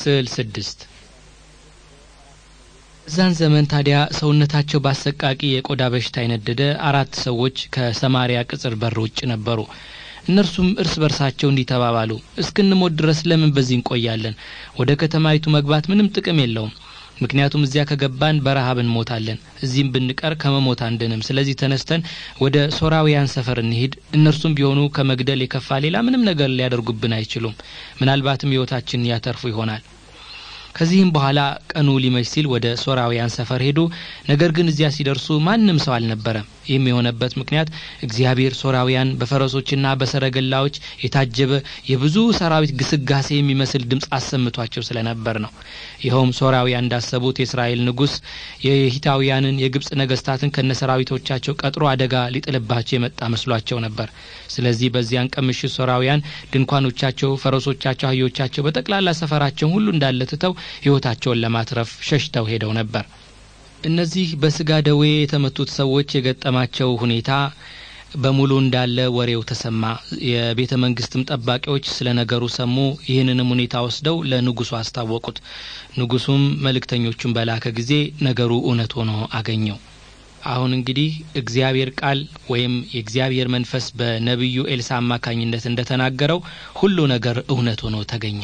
ስዕል ስድስት እዛን ዘመን ታዲያ ሰውነታቸው በአሰቃቂ የቆዳ በሽታ የነደደ አራት ሰዎች ከሰማሪያ ቅጽር በር ውጭ ነበሩ። እነርሱም እርስ በርሳቸው እንዲተባባሉ እስክንሞት ድረስ ለምን በዚህ እንቆያለን? ወደ ከተማይቱ መግባት ምንም ጥቅም የለውም። ምክንያቱም እዚያ ከገባን በረሃብ እንሞታለን፣ እዚህም ብንቀር ከመሞት አንድንም። ስለዚህ ተነስተን ወደ ሶራውያን ሰፈር እንሂድ። እነርሱም ቢሆኑ ከመግደል የከፋ ሌላ ምንም ነገር ሊያደርጉብን አይችሉም። ምናልባትም ሕይወታችንን ያተርፉ ይሆናል። ከዚህም በኋላ ቀኑ ሊመሽ ሲል ወደ ሶራውያን ሰፈር ሄዱ። ነገር ግን እዚያ ሲደርሱ ማንም ሰው አልነበረም። የሚሆነበት ምክንያት እግዚአብሔር ሶራውያን በፈረሶችና በሰረገላዎች የታጀበ የብዙ ሰራዊት ግስጋሴ የሚመስል ድምፅ አሰምቷቸው ስለነበር ነው። ይኸውም ሶራውያን እንዳሰቡት የእስራኤል ንጉስ የሂታውያንን የግብፅ ነገስታትን ከነሰራዊቶቻቸው ቀጥሮ አደጋ ሊጥልባቸው የመጣ መስሏቸው ነበር። ስለዚህ በዚያን ቀን ምሽት ሶራውያን ድንኳኖቻቸው፣ ፈረሶቻቸው፣ አህዮቻቸው በጠቅላላ ሰፈራቸውን ሁሉ እንዳለ ትተው ህይወታቸውን ለማትረፍ ሸሽተው ሄደው ነበር። እነዚህ በስጋ ደዌ የተመቱት ሰዎች የገጠማቸው ሁኔታ በሙሉ እንዳለ ወሬው ተሰማ። የቤተ መንግስትም ጠባቂዎች ስለ ነገሩ ሰሙ። ይህንንም ሁኔታ ወስደው ለንጉሱ አስታወቁት። ንጉሱም መልእክተኞቹን በላከ ጊዜ ነገሩ እውነት ሆኖ አገኘው። አሁን እንግዲህ እግዚአብሔር ቃል ወይም የእግዚአብሔር መንፈስ በነቢዩ ኤልሳ አማካኝነት እንደተናገረው ሁሉ ነገር እውነት ሆኖ ተገኘ።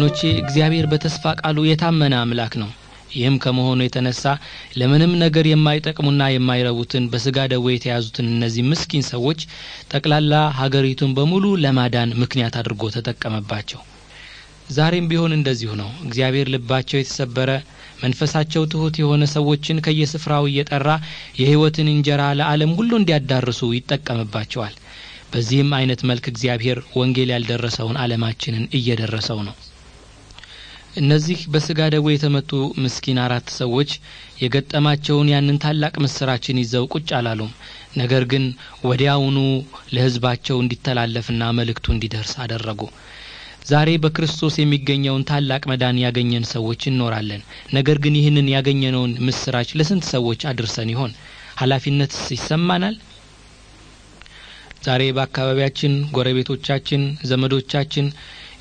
ወገኖቼ እግዚአብሔር በተስፋ ቃሉ የታመነ አምላክ ነው። ይህም ከመሆኑ የተነሳ ለምንም ነገር የማይጠቅሙና የማይረቡትን በስጋ ደዌ የተያዙትን እነዚህ ምስኪን ሰዎች ጠቅላላ ሀገሪቱን በሙሉ ለማዳን ምክንያት አድርጎ ተጠቀመባቸው። ዛሬም ቢሆን እንደዚሁ ነው። እግዚአብሔር ልባቸው የተሰበረ መንፈሳቸው ትሑት የሆነ ሰዎችን ከየስፍራው እየጠራ የሕይወትን እንጀራ ለዓለም ሁሉ እንዲያዳርሱ ይጠቀምባቸዋል። በዚህም አይነት መልክ እግዚአብሔር ወንጌል ያልደረሰውን ዓለማችንን እየደረሰው ነው። እነዚህ በስጋ ደዌ የተመጡ ምስኪን አራት ሰዎች የገጠማቸውን ያንን ታላቅ ምስራችን ይዘው ቁጭ አላሉም። ነገር ግን ወዲያውኑ ለሕዝባቸው እንዲተላለፍና መልእክቱ እንዲደርስ አደረጉ። ዛሬ በክርስቶስ የሚገኘውን ታላቅ መዳን ያገኘን ሰዎች እንኖራለን። ነገር ግን ይህንን ያገኘነውን ምስራች ለስንት ሰዎች አድርሰን ይሆን? ኃላፊነትስ ይሰማናል? ዛሬ በአካባቢያችን፣ ጎረቤቶቻችን፣ ዘመዶቻችን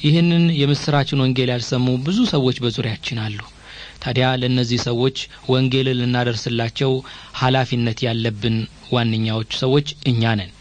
ይህንን የምስራችን ወንጌል ያልሰሙ ብዙ ሰዎች በዙሪያችን አሉ። ታዲያ ለእነዚህ ሰዎች ወንጌልን ልናደርስላቸው ሀላፊነት ያለብን ዋነኛዎቹ ሰዎች እኛ ነን።